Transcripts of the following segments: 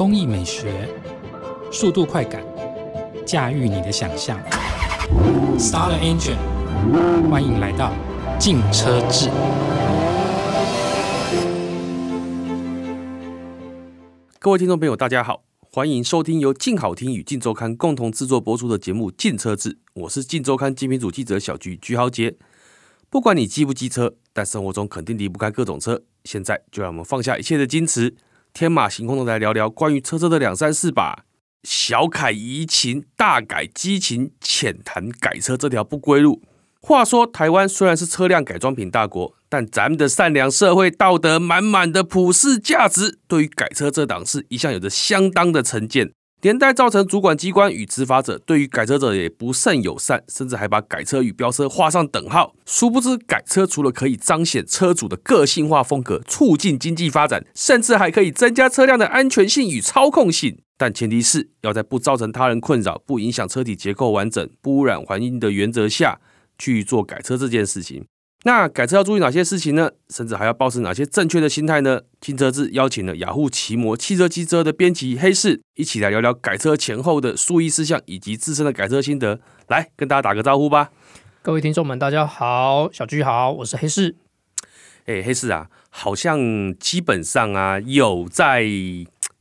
工藝美學、速度快感、駕馭你的想象。Star Engine，歡迎來到進制《勁車誌》。各位聽眾朋友，大家好，歡迎收聽由勁好聽與勁週刊共同製作播出的節目《勁車誌》，我是勁週刊精品組記者小菊菊豪傑。不管你騎不騎車，但生活中肯定離不開各種車。現在就讓我們放下一切的矜持。天馬行空的來聊聊關於車車的兩三事吧，小改怡情，大改激情，淺談改車這條不歸路。話說台灣雖然是車輛改裝品大國，但咱們的善良社會道德滿滿的普世價值，對於改車這檔事，一向有着相當的成見。連帶造成主管機關與執法者對於改車者也不甚友善，甚至還把改車與飆車畫上等號。殊不知，改車除了可以彰顯車主的個性化風格、促進經濟發展，甚至還可以增加車輛的安全性與操控性。但前提是要在不造成他人困擾、不影響車體結構完整、不污染環境的原則下去做改車這件事情。那改車要注意哪些事情呢？甚至還要抱持哪些正確的心態呢？金車志邀請了雅虎奇摩汽車機車的編輯黑市，一起來聊聊改車前後的注意事項以及自身的改車心得。來跟大家打個招呼吧，各位聽眾們，大家好，小聚好，我是黑市。哎、欸，黑市啊，好像基本上啊，有在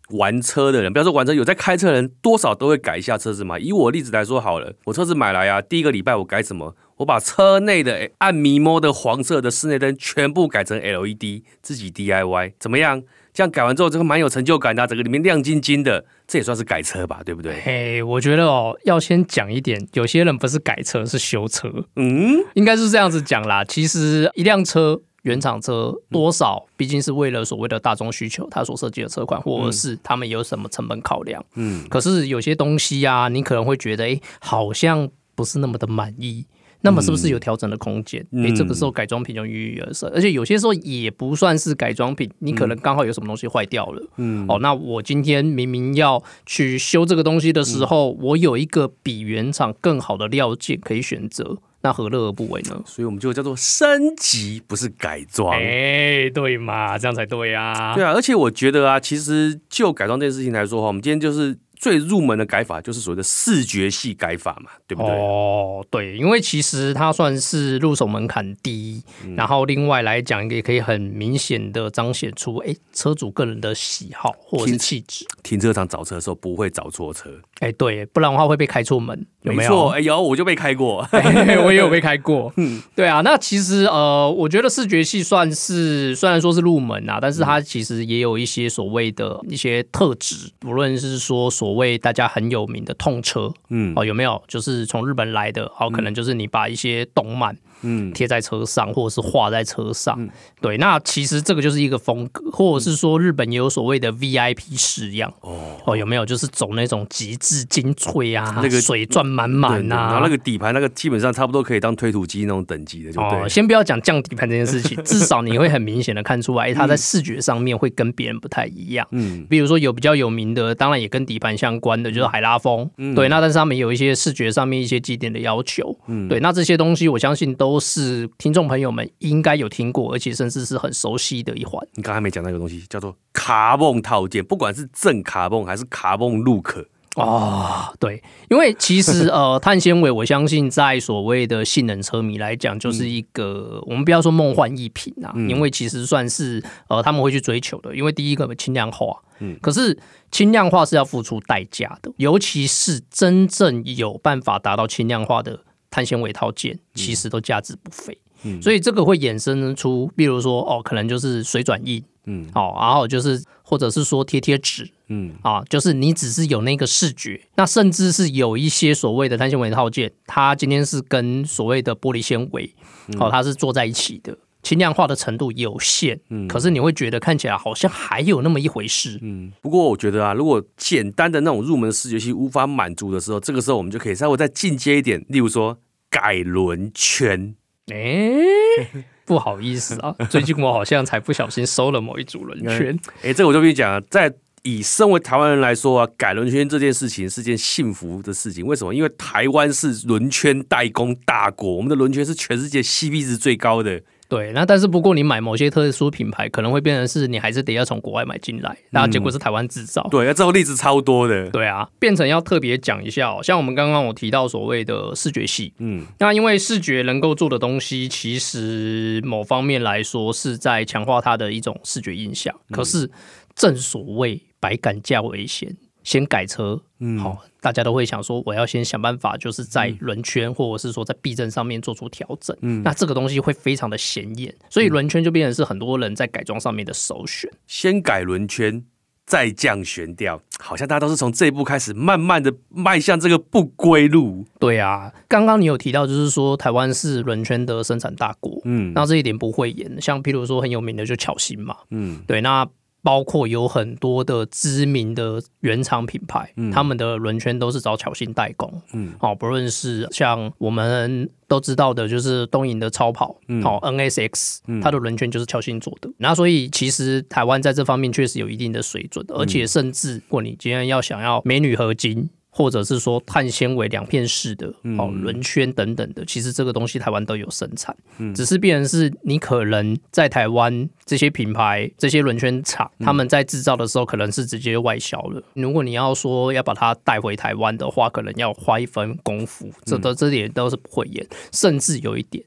玩車的人，不要說玩車，有在開車的人，多少都會改一下車子嘛。以我例子來說好了，我車子買來啊，第一個禮拜我改什麼？我把車內的暗、欸、迷摸的黃色的室內燈全部改成 LED，自己 DIY，怎麼樣？這樣改完之後，這個蠻有成就感的、啊，整個裡面亮晶晶的，這也算是改車吧，對不對？哎，hey, 我覺得哦，要先講一點，有些人不是改車，是修車。嗯，應該是這樣子講啦。其實一輛車，原廠車多少、嗯、畢竟是為了所謂的大眾需求，它所設計的車款，或者是他們有什麼成本考量。嗯，可是有些東西呀、啊，你可能會覺得，哎、欸，好像不是那麼的滿意。那麼是不是有調整的空間？誒、嗯欸，這個時候改裝品就應運而生。而且有些時候也不算是改裝品，嗯、你可能剛好有什麼東西壞掉了。嗯，哦，那我今天明明要去修這個東西的時候，嗯、我有一個比原廠更好的料件可以選擇，那何樂而不為呢？所以我們就叫做升級，不是改裝。誒、欸，對嘛，這樣才對啊。對啊，而且我覺得啊，其實就改裝這件事情來說哈，我們今天就是。最入門的改法就是所謂的視覺系改法嘛，對不對？哦，對，因為其實它算是入手門檻低，嗯、然後另外來講也可以很明顯的彰顯出，哎，車主個人的喜好或者是氣質。停、停車場找車的時候不會找錯車，哎，對，不然的話會被開錯門，有沒有？沒錯，哎有，我就被開過， 欸、我也有被開過，嗯，對啊。那其實呃，我覺得視覺系算是雖然說是入門啊，但是它其實也有一些所謂的一些特質，不論是說所我為大家很有名的痛車，嗯，哦，有沒有？就是從日本來的。哦，可能就是你把一些動漫。嗯嗯，貼在車上或者是畫在車上，車上嗯、對，那其實這個就是一個風格，或者是說日本也有所謂的 VIP 式樣，哦，哦，有沒有就是走那種極致精粹啊，那個水鑽滿滿啊。對對對，然後那個底盤那個基本上差不多可以當推土機那種等級的就好了，就對了。先不要講降底盤這件事情， 至少你會很明顯的看出來，欸，它在視覺上面會跟別人不太一樣。嗯，比如說有比較有名的，當然也跟底盤相關的，就是海拉風，嗯、對，那但是他們有一些視覺上面一些基點的要求，嗯、對，那這些東西我相信都。都是聽眾朋友們應該有聽過，而且甚至是很熟悉的一環。你剛才沒講那個東西，叫做卡夢套件，不管是正卡夢還是卡夢 look 哦，對，因為其實呃，碳纖維我相信在所謂的性能車迷來講，就是一個 我們不要說夢幻一品啊，嗯、因為其實算是呃他們會去追求的。因為第一個是輕量化，嗯，可是輕量化是要付出代價的，尤其是真正有辦法達到輕量化的。碳纖維套件其實都價值不菲，嗯嗯、所以這個會衍生出，比如說哦，可能就是水轉印，嗯，好、哦，然後就是或者是說貼貼紙，嗯，啊、哦，就是你只是有那個視覺，那甚至是有一些所謂的碳纖維套件，它今天是跟所謂的玻璃纖維，好、哦，它是做在一起的。嗯輕量化的程度有限，嗯，可是你會覺得看起來好像還有那麼一回事，嗯。不過我覺得啊，如果簡單的那種入門視覺系無法滿足的時候，這個時候我們就可以稍微再進階一點，例如說改輪圈。哎、欸，不好意思啊， 最近我好像才不小心收了某一組輪圈。哎、欸欸，這個我就跟你講啊，在以身為台灣人來說啊，改輪圈這件事情是件幸福的事情。為什麼？因為台灣是輪圈代工大國，我們的輪圈是全世界 CP 值最高的。對，那但是不過，你買某些特殊品牌，可能會變成是你還是得要從國外買進來，然後、嗯、結果是台灣製造。對，這例子超多的。對啊，變成要特別講一下哦，像我們剛剛我提到所謂的視覺系，嗯，那因為視覺能夠做的東西，其實某方面來說是在強化它的一種視覺印象。嗯、可是正所謂百改降為先。先改車，好、嗯哦，大家都會想說，我要先想辦法，就是在輪圈、嗯、或者是說在避震上面做出調整。嗯，那這個東西會非常的顯眼，所以輪圈就變成是很多人在改裝上面的首選。嗯、先改輪圈，再降懸吊，好像大家都是從這一步開始，慢慢的邁向這個不歸路。對啊，剛剛你有提到，就是說台灣是輪圈的生產大國，嗯，那這一點不會演，像譬如說很有名的就巧新嘛，嗯，對，那。包括有很多的知名的原廠品牌，嗯、他們的輪圈都是找巧新代工。嗯、哦，不論是像我們都知道的，就是東瀛的超跑，嗯、哦，NSX、嗯、它的輪圈就是巧新做的。那所以其實台灣在這方面確實有一定的水準，而且甚至，如果你今天要想要鎂鋁合金。或者是說碳纖維兩片式的，好輪圈、嗯哦、等等的，其實這個東西台灣都有生產，嗯、只是變成是你可能在台灣這些品牌、這些輪圈廠，他們在制造的時候可能是直接外銷了。嗯、如果你要說要把它帶回台灣的話，可能要花一番功夫，這都這點都是不會演，甚至有一點。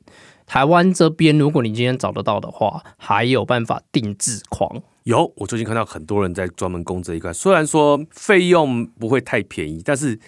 台灣這邊，如果你今天找得到的話，還有辦法定製框。有，我最近看到很多人在專門攻這一塊。雖然說費用不會太便宜，但是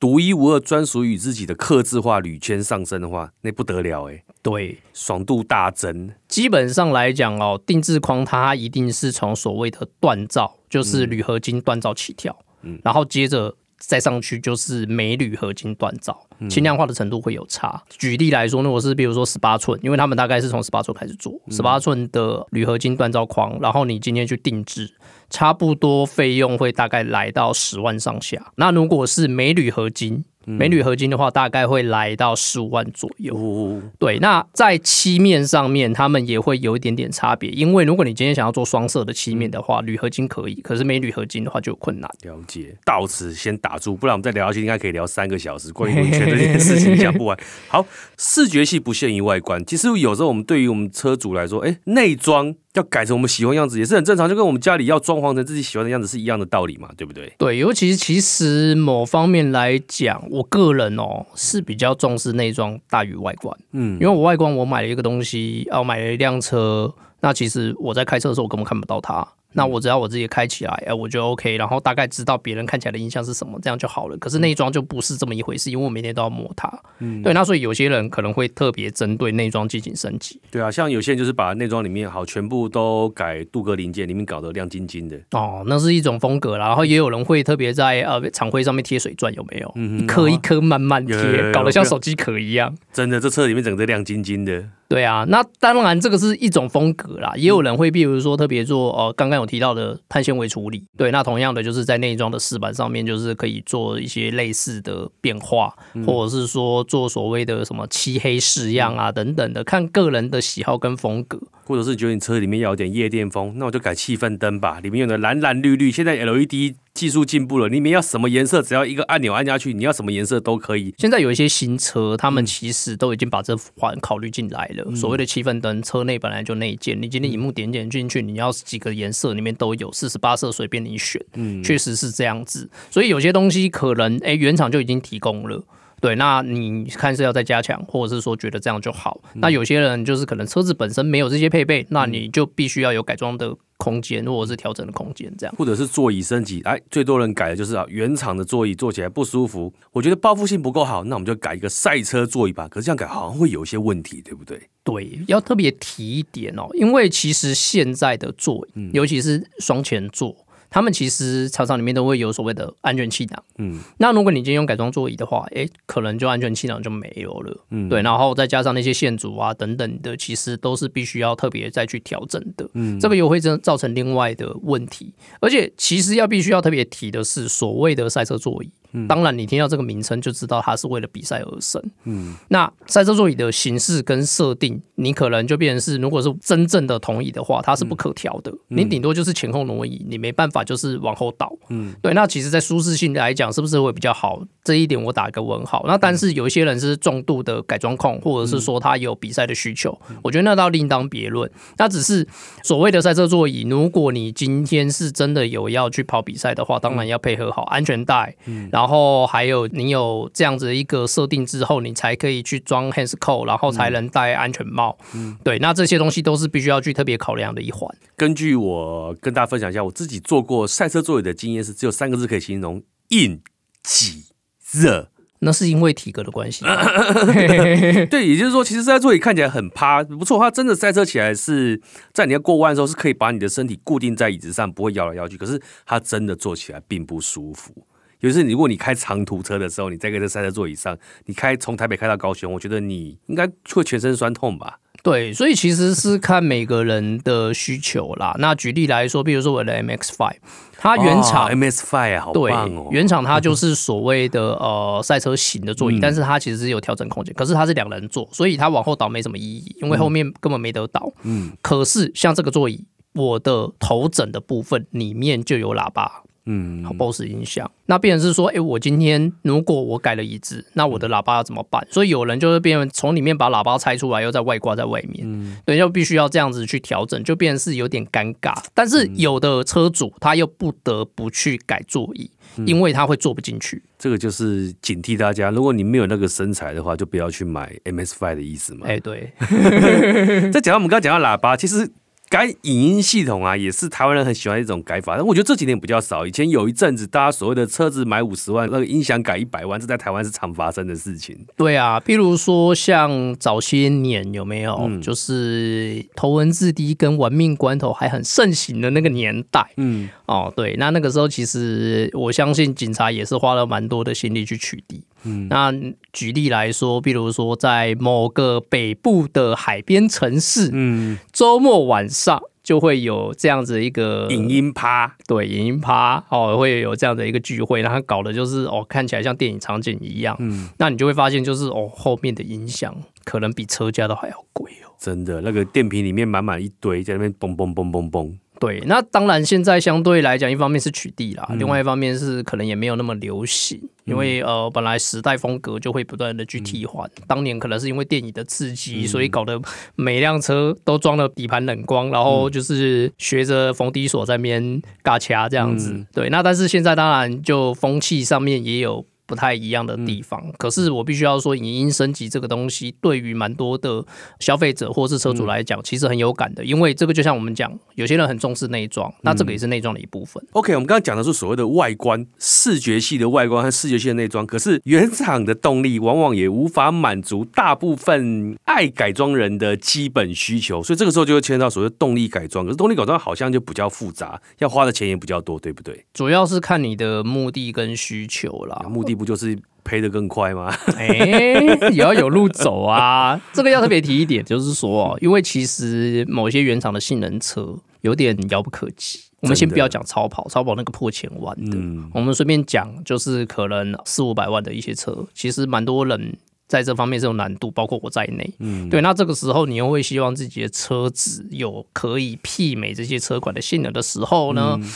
獨一無二、專屬於自己的客製化鋁圈上身的話，那不得了哎、欸。對，爽度大增。基本上來講哦，定製框它一定是從所謂的鍛造，就是鋁合金鍛造起跳，嗯嗯、然後接着。再上去就是鎂鋁合金鍛造，輕量化的程度會有差。嗯、舉例來說，如果是比如說十八寸，因為他們大概是從十八寸開始做，十八寸的鋁合金鍛造框，然後你今天去定制，差不多費用會大概來到十萬上下。那如果是鎂鋁合金，鎂鋁合金的話，大概會來到十五萬左右，嗯。對，那在漆面上面，他們也會有一點點差別。因為如果你今天想要做雙色的漆面的話，鋁合金可以，可是鎂鋁合金的話就有困難。了解，到此先打住，不然我們再聊下去，應該可以聊三個小時，關於鋁件這件事情講不完。 好，視覺系不限於外觀，其實有時候我們對於我們車主來說，哎、欸，內裝要改成我們喜歡的樣子也是很正常，就跟我們家裡要裝潢成自己喜歡的樣子是一樣的道理嘛，對不對？對，尤其其實某方面來講。我個人哦、喔、是比較重視內裝大於外觀，嗯，因為我外觀，我買了一個東西，啊，我買了一輛車，那其實我在開車的時候，我根本看不到它。那我只要我自己開起來，哎、呃，我就 OK，然後大概知道別人看起來的印象是什麼，這樣就好了。可是內裝就不是這麼一回事，嗯、因為我每天都要摸它。嗯、對，那所以有些人可能會特別針對內裝進行升級。對啊，像有些人就是把內裝裡面好全部都改鍍鉻零件，裡面搞得亮晶晶的。哦，那是一種風格啦。然後也有人會特別在呃廠會上面貼水鑽，有沒有？嗯嗯。一顆一顆慢慢貼，有有有有有，搞得像手機殼一樣。真的，這車裡面整個亮晶晶的。對啊，那當然這個是一種風格啦，也有人會，比如說特別做哦、呃，剛剛有提到的碳纖維處理。對，那同樣的就是在內裝的飾板上面，就是可以做一些類似的變化，或者是說做所謂的什麼漆黑式樣啊、嗯、等等的，看個人的喜好跟風格。或者是覺得你車裡面要有點夜店風，那我就改氣氛燈吧，裡面用的藍藍綠綠，現在 LED。技術進步了，你們要什麼顏色，只要一個按鈕按下去，你要什麼顏色都可以。現在有一些新車，嗯、他們其實都已經把這環考慮進來了。嗯、所謂的氣氛燈，車內本來就內建，你今天熒幕點點進去，嗯、你要幾個顏色裡面都有，四十八色隨便你選。嗯，確實是這樣子。所以有些東西可能，哎、欸，原廠就已經提供了。對，那你看是要再加強，或者是說覺得這樣就好。嗯、那有些人就是可能車子本身沒有這些配備，那你就必須要有改裝的空間，或者是調整的空間，這樣，或者是座椅升級。哎，最多人改的就是啊，原廠的座椅坐起來不舒服，我覺得包覆性不夠好，那我們就改一個賽車座椅吧。可是這樣改好像會有一些問題，對不對？對，要特別提一點哦，因為其實現在的座椅，嗯、尤其是雙前座。他們其實廠商裡面都會有所謂的安全氣囊，嗯，那如果你今天用改裝座椅的話，哎、欸，可能就安全氣囊就沒有了，嗯，對，然後再加上那些線組啊等等的，其實都是必須要特別再去調整的，嗯，這個也會造造成另外的問題，而且其實要必須要特別提的是所謂的賽車座椅。嗯、當然，你聽到這個名稱就知道它是為了比賽而生。嗯，那賽車座椅的形式跟設定，你可能就變成是，如果是真正的同椅的話，它是不可調的，嗯。嗯、你頂多就是前後挪移，你沒辦法就是往後倒。嗯，對。那其實，在舒適性來講，是不是會比較好？這一點我打個問號。那但是有一些人是重度的改裝控，或者是說他有比賽的需求，我覺得那倒另當別論。那只是所謂的賽車座椅，如果你今天是真的有要去跑比賽的話，當然要配合好安全帶。嗯，然後。然後還有，你有這樣子一個設定之後，你才可以去裝 HANS 扣，然後才能戴安全帽。嗯，對，那這些東西都是必須要去特別考量的一環。根據我跟大家分享一下我自己做過賽車座椅的經驗是，只有三個字可以形容：硬、擠、熱。那是因為體格的關係。 對，也就是說，其實賽車座椅看起來很趴，不錯。它真的賽車起來是在你要過彎的時候，是可以把你的身體固定在椅子上，不會搖來搖去。可是它真的坐起來並不舒服。就是如果你開長途車的時候，你在一個賽車座椅上，你開從台北開到高雄，我覺得你應該會全身酸痛吧？對，所以其實是看每個人的需求啦。那舉例來說，比如說我的 MX Five，它原廠 MX Five 好棒哦，原廠它就是所謂的呃賽車型的座椅，嗯、但是它其實是有調整空間，可是它是兩人座，所以它往後倒沒什麼意義，因為後面根本沒得倒。嗯，可是像這個座椅，我的頭枕的部分裡面就有喇叭。嗯，好，Bose 音響。那變成是說，哎、欸，我今天如果我改了椅子，那我的喇叭要怎麼辦？嗯、所以有人就是變成從裡面把喇叭拆出來，又在外掛在外面。嗯，對，就必須要這樣子去調整，就變成是有點尷尬。但是有的車主他又不得不去改座椅，嗯、因為他會坐不進去。這個就是警惕大家，如果你沒有那個身材的話，就不要去買 MS5 的椅子嘛。哎、欸，對。再 講 到我們剛剛講到喇叭，其實。改影音系統啊，也是台灣人很喜歡一種改法，但我覺得這幾年比較少。以前有一陣子，大家所謂的車子買五十萬，那個音響改一百萬，這在台灣是常發生的事情。對啊，譬如說像早些年有沒有，嗯、就是頭文字 D 跟玩命關頭還很盛行的那個年代。嗯，哦，對，那那個時候其實我相信警察也是花了蠻多的心力去取締。嗯、那舉例來說，比如說在某個北部的海邊城市，嗯，周末晚上就會有這樣子一個影音趴，對，影音趴哦，會有這樣的一個聚會，然後搞的就是哦，看起來像電影場景一樣，嗯，那你就會發現就是哦，後面的音響可能比車價都還要貴哦，真的，那個電瓶裡面滿滿一堆，在那邊嘣嘣嘣嘣嘣。對，那當然現在相對來講，一方面是取締啦，嗯、另外一方面是可能也沒有那麼流行，嗯、因為呃，本來時代風格就會不斷地去替換。嗯、當年可能是因為電影的刺激，嗯、所以搞得每輛車都裝了底盤冷光，嗯、然後就是學着馮迪索在那邊嘎掐這樣子。嗯、對，那但是現在當然就風氣上面也有不太一樣的地方，嗯、可是我必須要說，影音升級這個東西對於蠻多的消費者或是車主來講，嗯、其實很有感的，因為這個就像我們講，有些人很重視內裝，嗯、那這個也是內裝的一部分。OK，我們剛剛講的是所謂的外觀視覺系的外觀和視覺系的內裝，可是原廠的動力往往也無法滿足大部分愛改裝人的基本需求，所以這個時候就會牽涉到所謂動力改裝。可是動力改裝好像就比較複雜，要花的錢也比較多，對不對？主要是看你的目的跟需求啦，嗯、目的。不就是賠得更快嗎？誒、 欸，也要有路走啊！這個要特別提一點，就是說、哦，因為其實某些原廠的性能車有點遙不可及。我們先不要講超跑，的超跑那個破千萬的，嗯、我們隨便講，就是可能四五百萬的一些車，其實蠻多人在這方面是有難度，包括我在內。嗯，對。那這個時候，你又會希望自己的車子有可以媲美這些車款的性能的時候呢？嗯。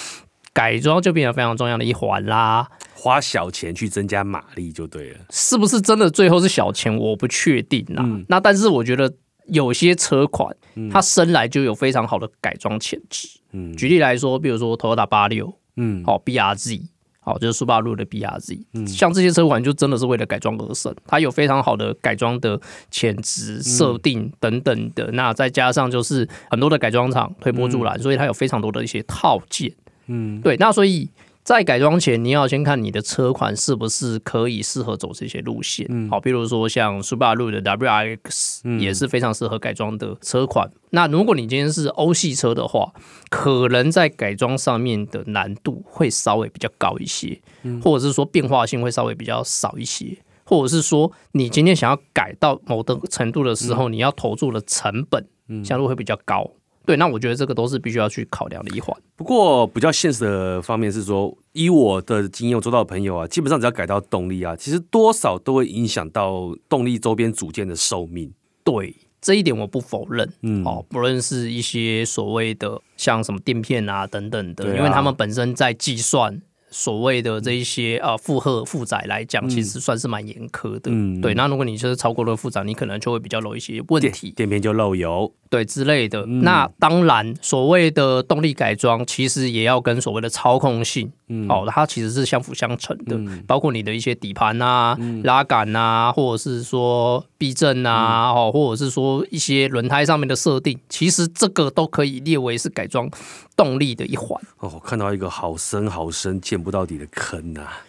改裝就變成非常重要的一環啦，花小錢去增加馬力就對了，是不是真的最後是小錢？我不確定啦，啊。嗯、那但是我覺得有些車款，它生來就有非常好的改裝潛質。舉例來說，比如說 Toyota 八六，嗯，好 BRZ，好就是速霸陸的 BRZ，嗯、像這些車款就真的是為了改裝而生，它有非常好的改裝的潛質設定等等的。那再加上就是很多的改裝廠推波助瀾，所以它有非常多的一些套件。嗯，對，那所以在改裝前，你要先看你的車款是不是可以適合走這些路線。嗯、好，比如說像 Subaru 的 WRX，也是非常適合改裝的車款。嗯、那如果你今天是歐系車的話，可能在改裝上面的難度會稍微比較高一些，嗯、或者是說變化性會稍微比較少一些，或者是說你今天想要改到某種程度的時候，嗯、你要投入的成本相對會比較高。對，那我覺得這個都是必須要去考量的一環。不過，比較現實的方面是說，以我的經驗，我做到的朋友啊，基本上只要改到動力啊，其實多少都會影響到動力周邊組件的壽命。對，這一點我不否認。嗯、哦，不論是一些所謂的像什麼墊片啊等等的，啊、因為他們本身在計算所謂的這一些啊，嗯、負荷負載來講，其實算是蠻嚴苛的。嗯、對，那如果你就是超過了負載，你可能就會比較漏一些問題，墊片就漏油。對之類的，嗯、那當然，所謂的動力改裝其實也要跟所謂的操控性，嗯、哦，它其實是相輔相成的。嗯、包括你的一些底盤啊、嗯、拉桿啊，或者是說避震啊，哦、嗯，或者是說一些輪胎上面的設定，其實這個都可以列為是改裝動力的一環。哦，我看到一個好深好深見不到底的坑啊！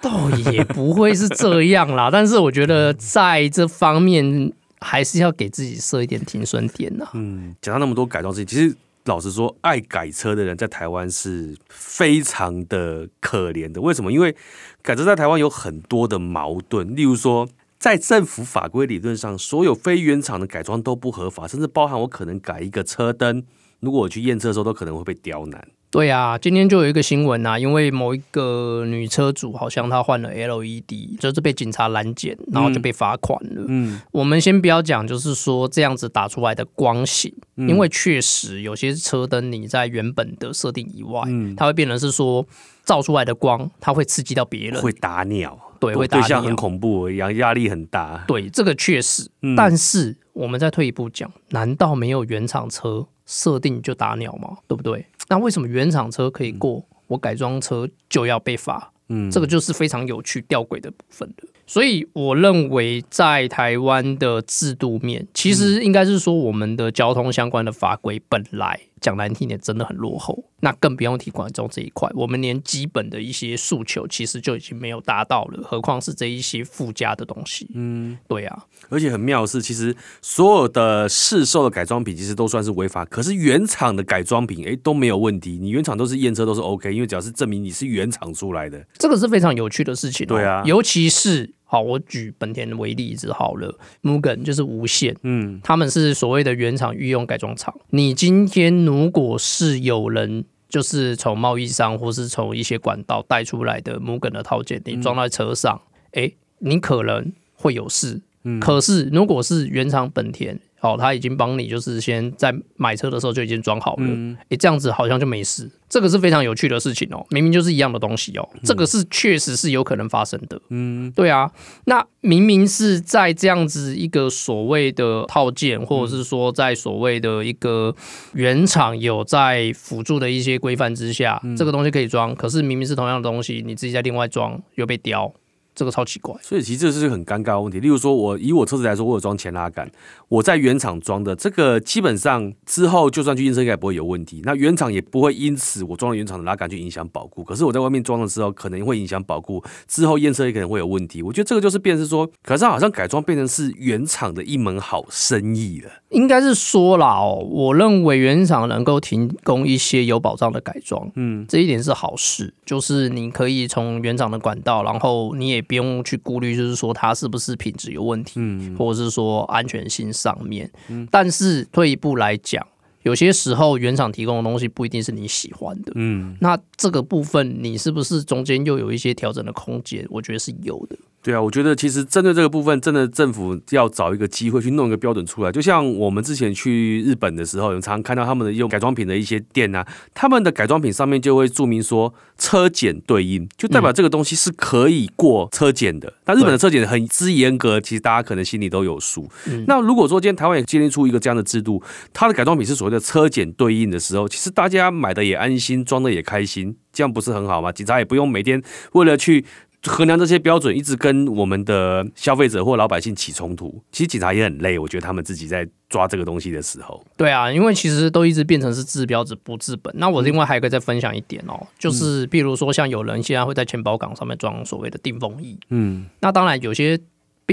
倒也不會是這樣啦， 但是我覺得在這方面。還是要給自己設一點停損點吶、啊。嗯，講到那麼多改裝事情，其實老實說，愛改車的人在台灣是非常的可憐的。為什麼？因為改車在台灣有很多的矛盾，例如說，在政府法規理論上，所有非原廠的改裝都不合法，甚至包含我可能改一個車燈，如果我去驗車的時候，都可能會被刁難。對呀、啊，今天就有一個新聞啊，因為某一個女車主好像她換了 LED，就是被警察攔檢，然後就被罰款了。嗯，嗯，我們先不要講，就是說這樣子打出來的光型，嗯、因為確實有些車燈你在原本的設定以外，嗯、它會變成是說照出來的光，它會刺激到別人，會打鳥，對，會打鳥對，像很恐怖一樣，壓壓力很大。對，這個確實。嗯、但是我們再退一步講，難道沒有原廠車？設定就打鳥嘛，對不對？那為什麼原廠車可以過，嗯、我改裝車就要被罰？嗯，這個就是非常有趣弔詭的部分了。所以我認為，在台灣的制度面，其實應該是說，我們的交通相關的法規本來講難聽點，真的很落後。那更不用提廣州這一塊，我們連基本的一些訴求，其實就已經沒有達到了，何況是這一些附加的東西。嗯，對啊、嗯。而且很妙的是，其實所有的市售的改裝品，其實都算是違法。可是原廠的改裝品，誒、欸、都沒有問題。你原廠都是驗車，都是 OK，因為只要是證明你是原廠出來的，這個是非常有趣的事情、喔。對啊，尤其是。好，我舉本田為例子好了，Mugen 就是無限，嗯，他們是所謂的原廠御用改裝廠。你今天如果是有人就是從貿易商或是從一些管道帶出來的 Mugen 的套件，你裝在車上，嗯，欸，你可能會有事。嗯，可是如果是原廠本田。哦，好，他已經幫你，就是先在買車的時候就已經裝好了。嗯，欸、這樣子好像就沒事，這個是非常有趣的事情哦、喔。明明就是一樣的東西哦、喔，這個是確實是有可能發生的。嗯，對啊，那明明是在這樣子一個所謂的套件，或者是說在所謂的一個原廠有在輔助的一些規範之下，這個東西可以裝，可是明明是同樣的東西，你自己在另外裝又被刁。這個超奇怪，所以其實這是個很尷尬的問題。例如說，我以我車子來說，我有裝前拉桿，我在原廠裝的這個，基本上之後就算去驗車應該不會有問題。那原廠也不會因此我裝了原廠的拉桿去影響保固，可是我在外面裝的時候可能會影響保固，之後驗車也可能會有問題。我覺得這個就是變成是說，可是好像改裝變成是原廠的一門好生意了。應該是說啦，哦，我認為原廠能夠提供一些有保障的改裝，嗯，這一點是好事，就是你可以從原廠的管道，然後你也。不用去顧慮，就是說它是不是品質有問題，嗯嗯，或者是說安全性上面。嗯、但是退一步來講，有些時候原廠提供的東西不一定是你喜歡的。嗯，那這個部分你是不是中間又有一些調整的空間？我覺得是有的。對啊，我覺得其實針對這個部分，真的政府要找一個機會去弄一個標準出來。就像我們之前去日本的時候，有常看到他們的用改裝品的一些店啊，他們的改裝品上面就會注明說車檢對應，就代表這個東西是可以過車檢的。那、嗯、日本的車檢很之嚴格，其實大家可能心裡都有數。嗯、那如果說今天台灣也建立出一個這樣的制度，它的改裝品是所謂的車檢對應的時候，其實大家買的也安心，裝的也開心，這樣不是很好嗎？警察也不用每天為了去。衡量這些標準一直跟我們的消費者或老百姓起衝突，其實警察也很累，我覺得他們自己在抓這個東西的時候。對啊，因為其實都一直變成是治標子不治本。那我另外還可以再分享一點哦，嗯、就是比如說像有人現在會在前保桿上面裝所謂的定風翼，嗯，那當然有些。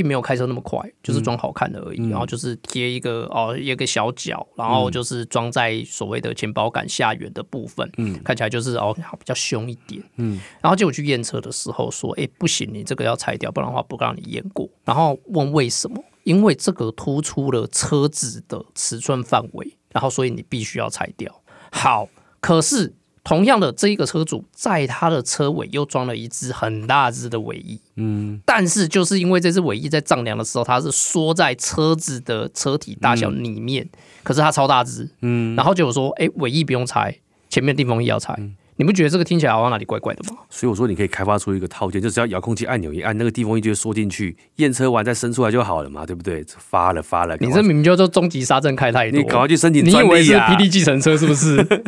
並沒有開車那麼快，就是裝好看的而已。嗯，然後就是貼一個哦一個小角，然後就是裝在所謂的前保杆下緣的部分。嗯，看起來就是哦比較凶一點。嗯，然後結果去驗車的時候說，哎不行，你這個要拆掉，不然的話不讓你驗過。然後問為什麼？因為這個突出了車子的尺寸範圍，然後所以你必須要拆掉。好，可是。同樣的，這一個車主在他的車尾又裝了一隻很大隻的尾翼。嗯，但是就是因為這隻尾翼在丈量的時候，它是縮在車子的車體大小裡面，嗯、可是它超大隻。嗯，然後就果說，哎，尾翼不用拆，前面的地方也要拆。嗯、你不覺得這個聽起來好像哪裡怪怪的嗎？所以我說，你可以開發出一個套件，就只要遙控器按鈕一按，那個地方一就縮進去，驗車完再伸出來就好了嘛，對不對？發了發了，你這明明叫做終極殺鎮開太多，你搞快去申請、啊、你以為是霹 d 繼承車是不是？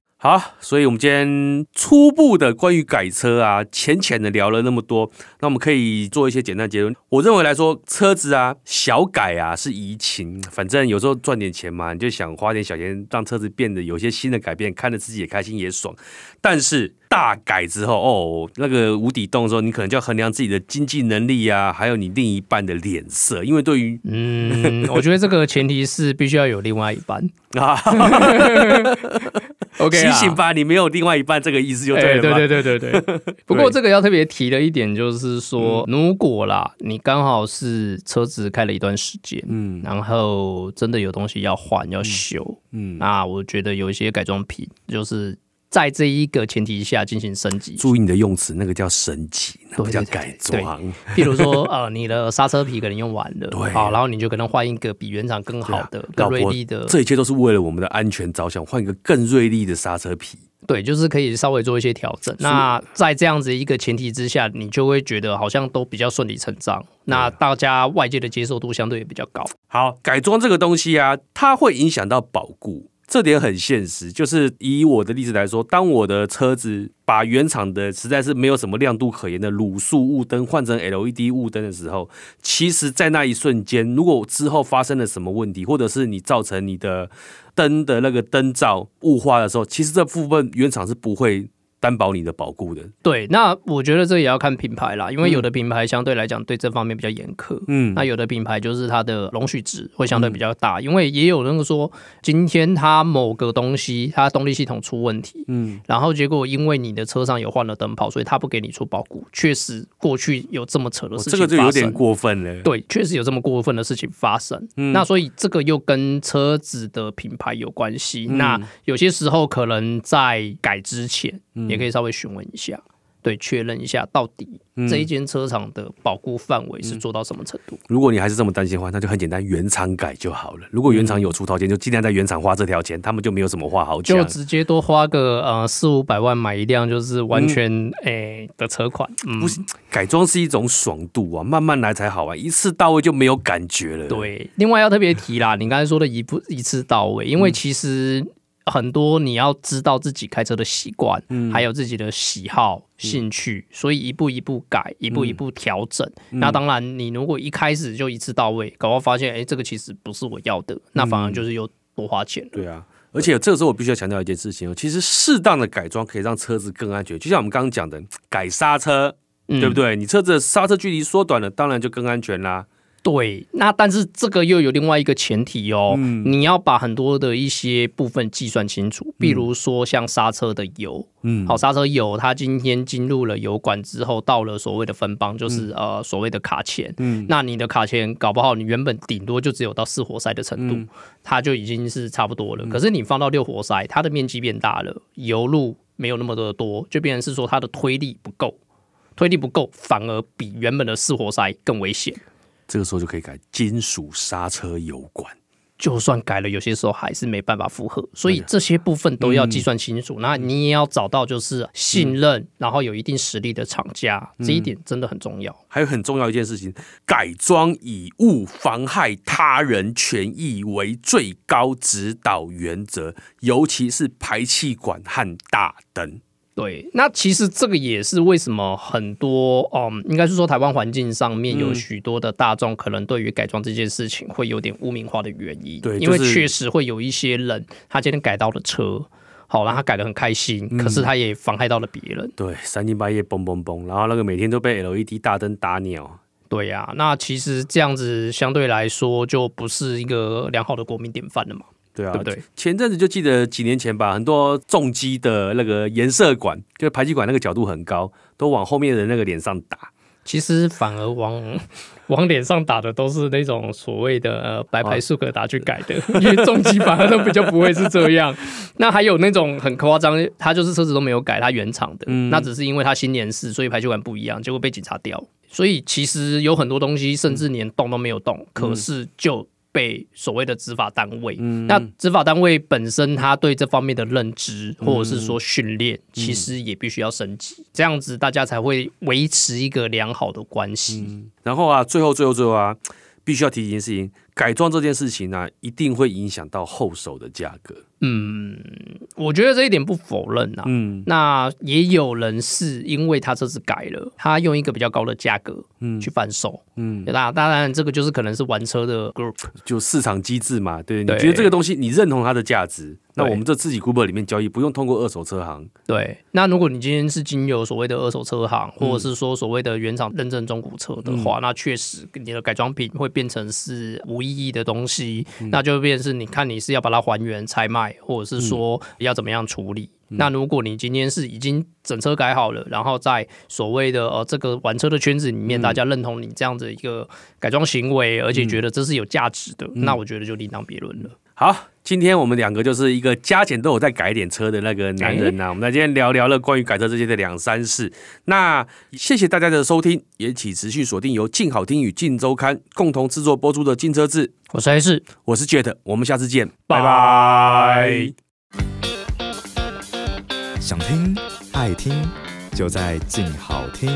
好，所以，我們今天初步的關於改車啊，淺淺的聊了那麼多，那我們可以做一些簡單結論。我認為來說，車子啊，小改啊，是怡情，反正有時候賺點錢嘛，你就想花點小錢，讓車子變得有些新的改變，看着自己也開心也爽。但是。大改之後哦，那個無底洞的時候，你可能就要衡量自己的經濟能力啊，還有你另一半的臉色，因為對於嗯，我覺得這個前提是必須要有另外一半啊。 OK，提啦醒吧，你沒有另外一半這個意思就對了、欸。對對對對對。不過這個要特別提的一點，就是說對如果啦，你剛好是車子開了一段時間，嗯，然後真的有東西要換要修，嗯，那我覺得有一些改裝品就是。在這一個前提下進行升級。注意你的用詞，那個叫升級，那個叫改裝。譬如說，呃，你的剎車皮可能用完了，對，好，然後你就可能換一個比原廠更好的、啊、更銳利的。這一切都是為了我們的安全着想，換一個更銳利的剎車皮。對，就是可以稍微做一些調整。是那在這樣子一個前提之下，你就會覺得好像都比較順理成章。對那大家外界的接受度相對也比較高。好，改裝這個東西啊，它會影響到保固。這點很現實，就是以我的例子來說，當我的車子把原廠的實在是沒有什麼亮度可言的滷素霧燈換成 LED 霧燈的時候，其實，在那一瞬間，如果之後發生了什麼問題，或者是你造成你的燈的那個燈罩霧化的時候，其實這部分原廠是不會。擔保你的保固的，對，那我覺得這也要看品牌啦，因為有的品牌相對來講對這方面比較嚴苛，嗯，那有的品牌就是它的容許值會相對比較大，嗯，因為也有那個說，今天它某個東西它動力系統出問題，嗯，然後結果因為你的車上有換了燈泡，所以他不給你出保固，確實過去有這麼扯的事情發生，哦，這個就有點過分了，對，確實有這麼過分的事情發生，嗯，那所以這個又跟車子的品牌有關係，嗯，那有些時候可能在改之前。也可以稍微詢問一下，嗯、對，確認一下到底這一間車廠的保固範圍是做到什麼程度？嗯嗯、如果你還是這麼擔心的話，那就很簡單，原廠改就好了。如果原廠有出套件，嗯、就盡量在原廠花這條錢，他們就沒有什麼話好講。就直接多花個呃四五百萬買一輛，就是完全誒、嗯欸、的車款。嗯、不是改裝是一種爽度啊，慢慢來才好啊。一次到位就沒有感覺了。對，另外要特別提啦， 你剛才說的一步一次到位，因為其實。嗯很多你要知道自己開車的習慣，嗯、還有自己的喜好、嗯、興趣，所以一步一步改，嗯、一步一步調整。嗯、那當然，你如果一開始就一次到位，搞後發現，哎、欸，這個其實不是我要的，嗯、那反而就是又多花錢了。對啊，而且這個時候我必須要強調一件事情哦，對其實適當的改裝可以讓車子更安全。就像我們剛剛講的，改剎車，對不對？嗯、你車子的剎車距離縮短了，當然就更安全啦。對，那但是這個又有另外一個前提哦，嗯、你要把很多的一些部分計算清楚，嗯、比如說像剎車的油，嗯，好，剎車油它今天進入了油管之後，到了所謂的分泵，就是呃、嗯、所謂的卡鉗，嗯，那你的卡鉗搞不好你原本頂多就只有到四活塞的程度，嗯、它就已經是差不多了，嗯、可是你放到六活塞，它的面積變大了，嗯、油路沒有那麼多的多，就變成是說它的推力不夠，推力不夠反而比原本的四活塞更危險。這個時候就可以改金屬剎車油管，就算改了，有些時候還是沒辦法負荷，所以這些部分都要計算清楚。嗯、那你也要找到就是信任，嗯、然後有一定實力的廠家，嗯、這一點真的很重要。還有很重要一件事情，改裝以勿妨害他人權益為最高指導原則，尤其是排氣管和大燈。對，那其實這個也是為什麼很多，嗯，應該是說台灣環境上面有許多的大眾，可能對於改裝這件事情會有點污名化的原因。對，就是、因為確實會有一些人，他今天改到了車，好，然後他改得很開心，嗯、可是他也妨害到了別人。對，三更半夜嘣嘣嘣，然後那個每天都被 LED 大燈打鳥。對呀、啊，那其實這樣子相對來說就不是一個良好的國民典範了嘛。對啊，對，不對，前陣子就記得幾年前吧，很多重機的那個顏色管，就是排氣管那個角度很高，都往後面的那個臉上打。其實反而往往臉上打的都是那種所謂的呃，白牌速克達去改的，啊、因為重機反而都比較不會是這樣。 那還有那種很誇張，它就是車子都沒有改，它原廠的，嗯、那只是因為它新年式，所以排氣管不一樣，結果被警察叼。所以其實有很多東西，甚至連動都沒有動，嗯、可是就。被所謂的執法單位，嗯、那執法單位本身，他對這方面的認知或者是說訓練，其實也必須要升級，嗯嗯、這樣子大家才會維持一個良好的關係，嗯。然後啊，最後最後最後啊，必須要提一件事情。改裝這件事情呢、啊，一定會影響到後手的價格。嗯，我覺得這一點不否認吶、啊。嗯，那也有人是因為他這次改了，他用一個比較高的價格去嗯，嗯，去販售。嗯，那當然這個就是可能是玩車的 group，就市場機制嘛。對，對你覺得這個東西你認同它的價值？對那我們這自己 group、er、裡面交易，不用通過二手車行。對。那如果你今天是經由所謂的二手車行，或者是說所謂的原廠認證中古車的話，嗯、那確實你的改裝品會變成是無。意義的東西，那就變成你看你是要把它還原拆賣，或者是說要怎麼樣處理。嗯、那如果你今天是已經整車改好了，嗯、然後在所謂的呃這個玩車的圈子裡面，嗯、大家認同你這樣的一個改裝行為，而且覺得這是有價值的，嗯、那我覺得就另當別論了。嗯嗯好，今天我們兩個就是一個加減都有在改點車的那個男人吶、啊，嗯、我們來今天聊聊了關於改車這些的兩三事。那謝謝大家的收聽，也請持續鎖定由勁好聽與勁週刊共同製作播出的《勁車誌》，我是 S，我是 Jet，我們下次見，拜拜。想聽愛聽就在勁好聽。